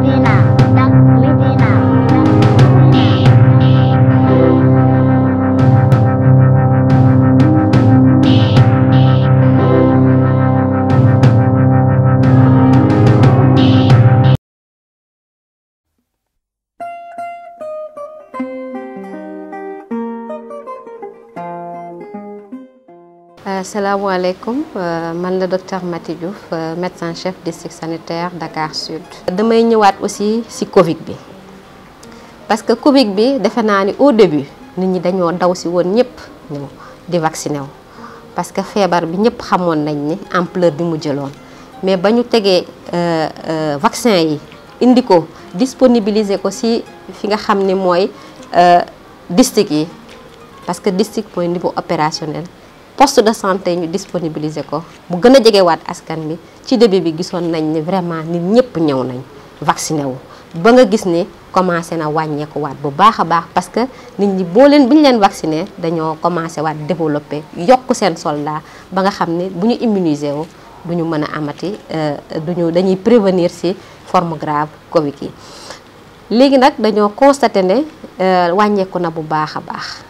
Livina, Duck Livina. asalaamaaleykum euh, euh, man la docteur Matidouf, euh, médecin chef district sanitaire Dakar Sud. damay ñëwaat aussi ci Covid bi parce que Covid bi defe naa au début nit ñi dañoo daw ci woon ñëpp di vacciné parce que feebar bi ñëpp xamoon nañ ni ampleur bi mu jëloon mais ba ñu tegee vaccin yi indi disponibiliser ko ci fi nga xamné moy euh district yi parce que district point niveau opérationnel. poste de santé ñu disponibiliser ko bu gën a waat askan bi ci début bi gisoon nañ ni vraiment nit ñëpp ñëw nañ vacciné wu ba nga gis ne commencé na wàññeeku bu baax a baax parce que nit ñi boo leen bu ñu leen vacciné dañoo commencé waat développé yokk seen soldat ba nga xam ne bu ñu immunisé wu du ñu mën a amati euh, duñu dañuy prévenir ci forme grave Covid léegi nag dañoo constaté ne euh, wàññeeku na bu baax a baax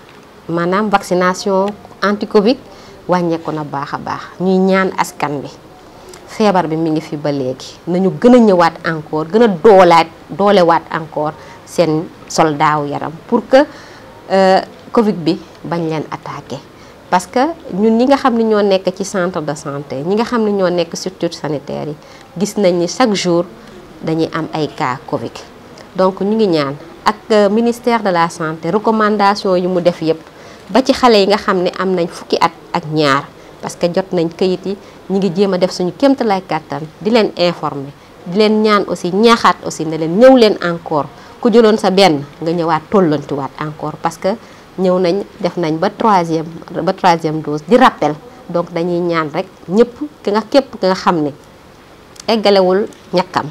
maanaam vaccination anti Covid ko na baax a baax ñuy ñaan askan bi febar bi mi ngi fi ba léegi nañu gëna ñëwaat encore gëna a doolaat waat encore yaram pour que euh, covid bi bañ leen attaquer parce que ñun ñi nga xamni ño nekk ci centre de santé ñi nga xamni ño nekk structure sanitaire yi gis nañ ni chaque jour dañuy am ay cas covid donc ñu ngi ñaan ak euh, ministère de la santé recommandation yi mu def yépp ba ci xalé yi nga xamné am nañ fukki at ak ñaar parce que jot nañ këyit yi ñi ngi jema def suñu kemt lay kàttan di len informer di len ñaan aussi ñaaxat aussi na len ñew len encore ku jëloon sa ben nga ñëwaat waat encore parce que ñew nañ def nañ ba 3e ba 3e dose di rappel donc dañuy ñaan rek ñepp ki nga képp ki nga xamné égalé wul ñakam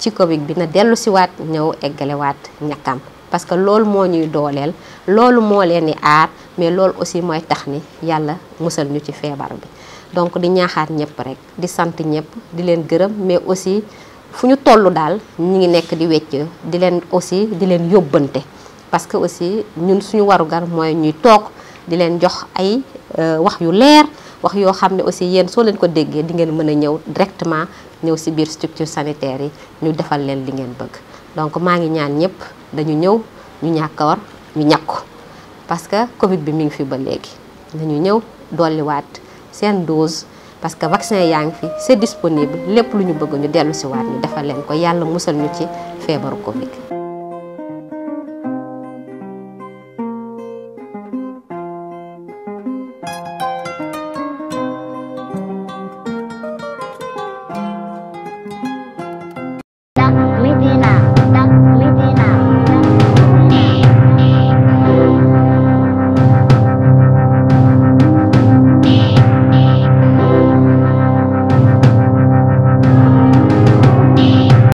ci covid bi na delu ci waat ñew égalé waat ñakam parce que loolu mo ñuy dolel loolu mo leni aar mais loolu aussi moy tax ni yalla musal ñu ci febar bi donc di ñaaxaat ñëpp rek di sante ñëpp di len gëreum mais aussi fuñu tollu dal ñi ngi nekk di wéccu di len aussi di len yobante parce que aussi ñun suñu waru gar moy ñuy tok di len jox ay euh, wax yu leer wax yo xamne aussi yeen so len ko déggee di ngeen mëna ñëw directement ñëw si biir structure sanitaire yi ñu defal leen li ngeen bëgg donc maa ngi ñaan ñëpp dañu ñëw ñu ñàkk a war ñu ñàkku parce que Covid bi mi ngi fi ba léegi dañu ñëw dolliwaat seen dose parce que vaccin yaa ngi fi c'est disponible lépp lu ñu bëgg ñu dellu si waat ñu defal leen ko yàlla musal ñu ci feebaru Covid.